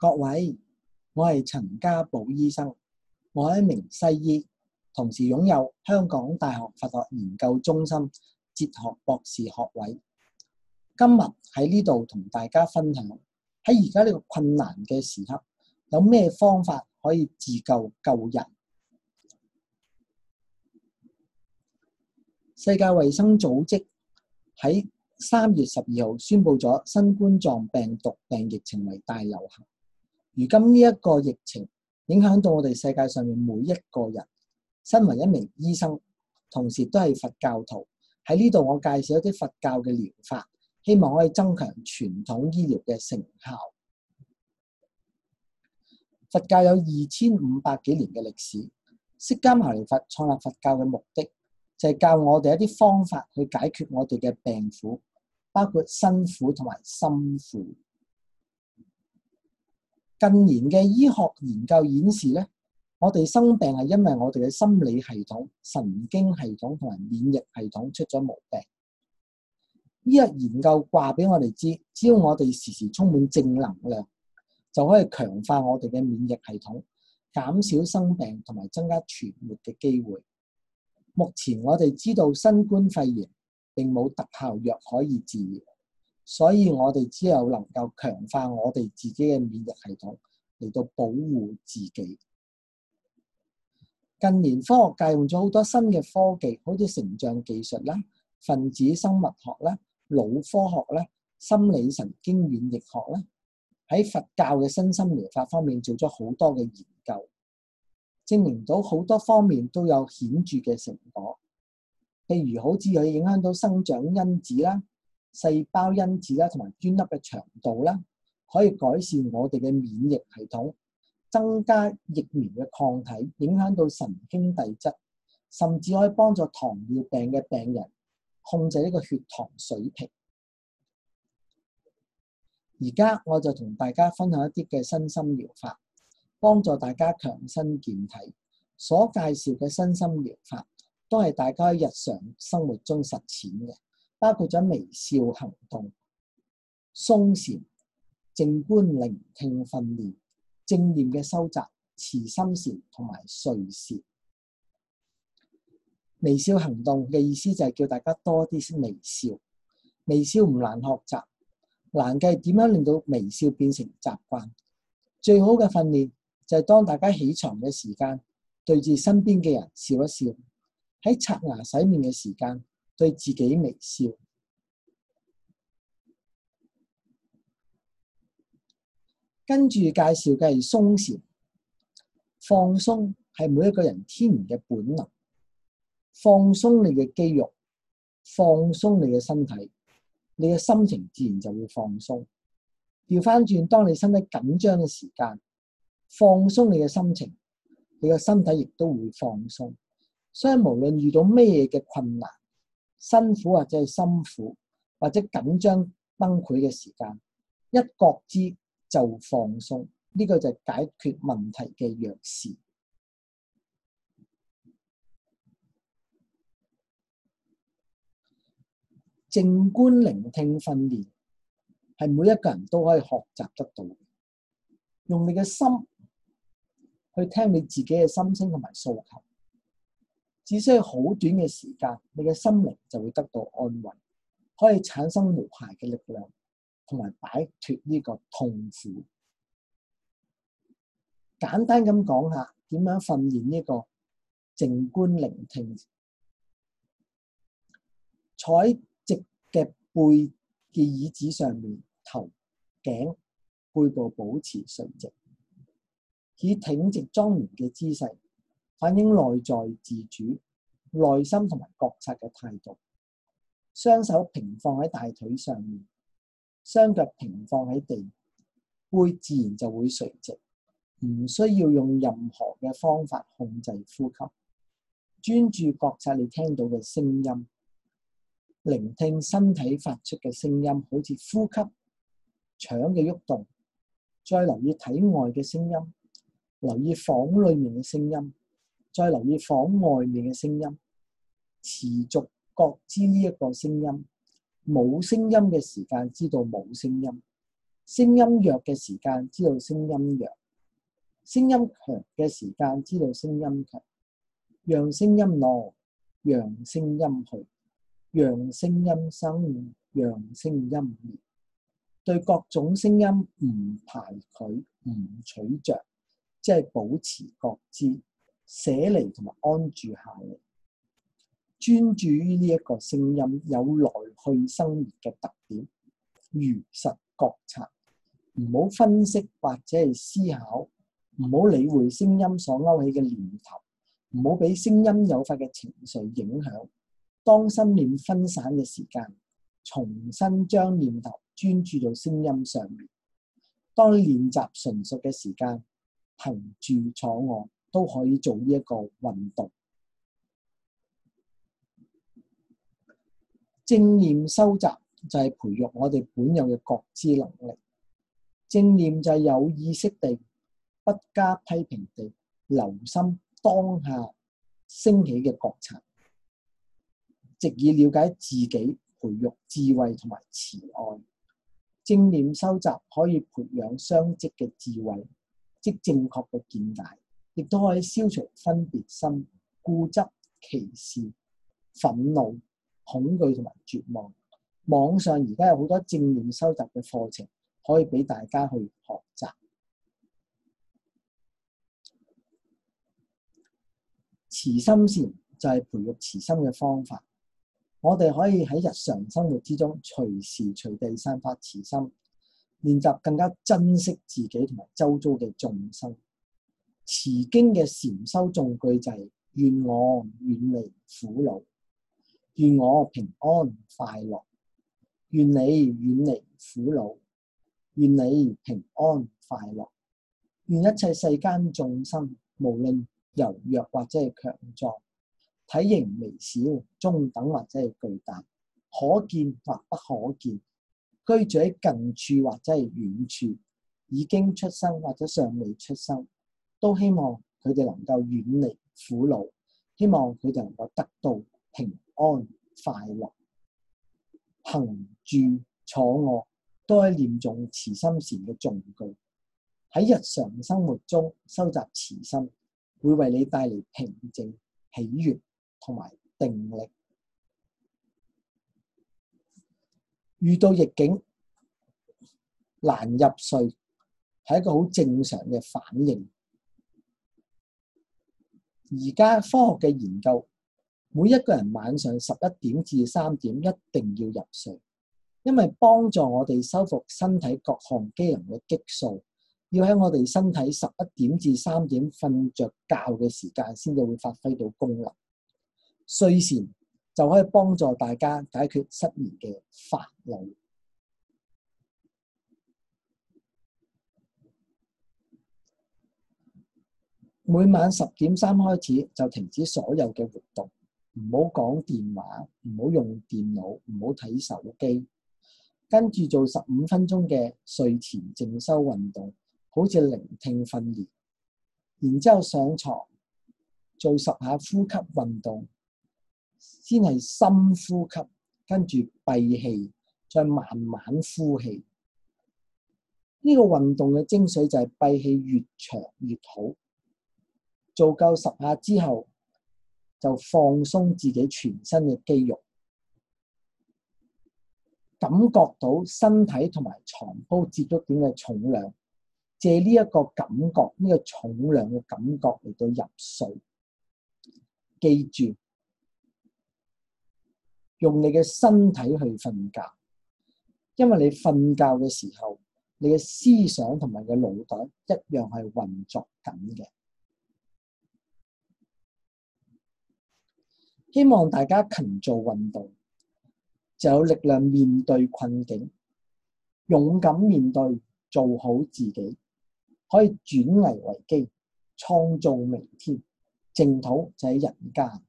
各位，我係陳家寶醫生，我係一名西醫，同時擁有香港大學佛學研究中心哲學博士學位。今日喺呢度同大家分享喺而家呢個困難嘅時刻，有咩方法可以自救救人？世界衛生組織喺三月十二號宣布咗新冠狀病毒病疫情為大流行。如今呢一個疫情影響到我哋世界上面每一個人。身為一名醫生，同時都係佛教徒，喺呢度我介紹一啲佛教嘅療法，希望可以增強傳統醫療嘅成效。佛教有二千五百幾年嘅歷史，釋迦牟尼佛創立佛教嘅目的就係教我哋一啲方法去解決我哋嘅病苦，包括身苦同埋心苦。近年嘅醫學研究顯示咧，我哋生病係因為我哋嘅心理系統、神經系統同埋免疫系統出咗毛病。呢一研究話俾我哋知，只要我哋時時充滿正能量，就可以強化我哋嘅免疫系統，減少生病同埋增加存活嘅機會。目前我哋知道新冠肺炎並冇特效藥可以治療。所以我哋只有能夠強化我哋自己嘅免疫系統，嚟到保護自己。近年，科學界用咗好多新嘅科技，好似成像技術啦、分子生物學啦、腦科學啦、心理神經免疫學啦，喺佛教嘅身心療法方面做咗好多嘅研究，證明到好多方面都有顯著嘅成果。譬如，好似佢影響到生長因子啦。細胞因子啦，同埋端粒嘅長度啦，可以改善我哋嘅免疫系統，增加疫苗嘅抗體，影響到神經遞質，甚至可以幫助糖尿病嘅病人控制呢個血糖水平。而家我就同大家分享一啲嘅身心療法，幫助大家強身健體。所介紹嘅身心療法都係大家喺日常生活中實踐嘅。包括咗微笑行動、鬆禪、正觀聆聽訓練、正念嘅修習、慈心禪同埋睡禪。微笑行動嘅意思就係叫大家多啲微笑。微笑唔難學習，難嘅係點樣令到微笑變成習慣。最好嘅訓練就係當大家起床嘅時間，對住身邊嘅人笑一笑；喺刷牙洗面嘅時間。對自己微笑，跟住介紹嘅係鬆弛。放鬆係每一個人天然嘅本能。放鬆你嘅肌肉，放鬆你嘅身體，你嘅心情自然就會放鬆。調翻轉，當你身體緊張嘅時間，放鬆你嘅心情，你嘅身體亦都會放鬆。所以無論遇到咩嘅困難。辛苦或者係辛苦或者緊張崩潰嘅時間，一覺之就放鬆，呢、這個就係解決問題嘅鑰匙。靜觀聆聽訓練係每一個人都可以學習得到嘅，用你嘅心去聽你自己嘅心聲同埋訴求。只需要好短嘅時間，你嘅心靈就會得到安慰，可以產生無限嘅力量，同埋擺脫呢個痛苦。簡單咁講下點樣訓練呢個靜觀聆聽，坐在直嘅背嘅椅子上面，頭、頸、背部保持垂直，以挺直莊嚴嘅姿勢。反映內在自主、內心同埋覺察嘅態度。雙手平放喺大腿上面，雙腳平放喺地，背自然就會垂直，唔需要用任何嘅方法控制呼吸。專注覺察你聽到嘅聲音，聆聽身體發出嘅聲音，好似呼吸、腸嘅喐動，再留意體外嘅聲音，留意房裡面嘅聲音。再留意房外面嘅聲音，持續覺知呢一個聲音，冇聲音嘅時間知道冇聲音，聲音弱嘅時間知道聲音弱，聲音強嘅時間知道聲音強，讓聲音落，讓聲音去，讓聲音生，讓聲音滅，對各種聲音唔排佢，唔取着，即係保持覺知。捨離同埋安住下嚟，專注於呢一個聲音，有來去生滅嘅特點，如實覺察，唔好分析或者係思考，唔好理會聲音所勾起嘅念頭，唔好俾聲音誘發嘅情緒影響。當心念分散嘅時間，重新將念頭專注到聲音上面。當練習純熟嘅時間，平住坐卧。都可以做呢一個運動。正念收集就係培育我哋本有嘅覺知能力。正念就係有意識地、不加批評地留心當下升起嘅覺察，藉以了解自己，培育智慧同埋慈愛。正念收集可以培養相積嘅智慧，即正確嘅見解。亦都可以消除分別心、固執、歧視、憤怒、恐懼同埋絕望。網上而家有好多正面收集嘅課程，可以俾大家去學習。慈心禪就係培育慈心嘅方法。我哋可以喺日常生活之中，隨時隨地散發慈心，練習更加珍惜自己同埋周遭嘅眾生。慈經嘅禪修重句就係、是：願我遠離苦惱，願我平安快樂；願你遠離苦惱，願你平安快樂；願一切世間眾生，無論柔弱或者係強壯，體型微小、中等或者係巨大，可見或不可見，居住喺近處或者係遠處，已經出生或者尚未出生。都希望佢哋能夠遠離苦惱，希望佢哋能夠得到平安快樂。行住坐卧都係念誦慈心禪嘅重句。喺日常生活中收集慈心，會為你帶嚟平靜、喜悅同埋定力。遇到逆境難入睡，係一個好正常嘅反應。而家科學嘅研究，每一個人晚上十一點至三點一定要入睡，因為幫助我哋修復身體各項機能嘅激素，要喺我哋身體十一點至三點瞓着覺嘅時間先至會發揮到功能。睡前就可以幫助大家解決失眠嘅煩惱。每晚十點三開始就停止所有嘅活動，唔好講電話，唔好用電腦，唔好睇手機，跟住做十五分鐘嘅睡前靜修運動，好似聆聽訓練，然之後上床做十下呼吸運動，先係深呼吸，跟住閉氣，再慢慢呼氣。呢個運動嘅精髓就係閉氣越長越好。做夠十下之後，就放鬆自己全身嘅肌肉，感覺到身體同埋床鋪接觸點嘅重量，借呢一個感覺，呢個重量嘅感覺嚟到入睡。記住，用你嘅身體去瞓覺，因為你瞓覺嘅時候，你嘅思想同埋你嘅腦袋一樣係運作緊嘅。希望大家勤做運動，就有力量面對困境，勇敢面對，做好自己，可以轉危為機，創造明天。淨土就喺人間，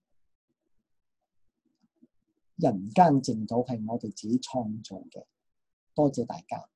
人間淨土係我哋自己創造嘅。多謝大家。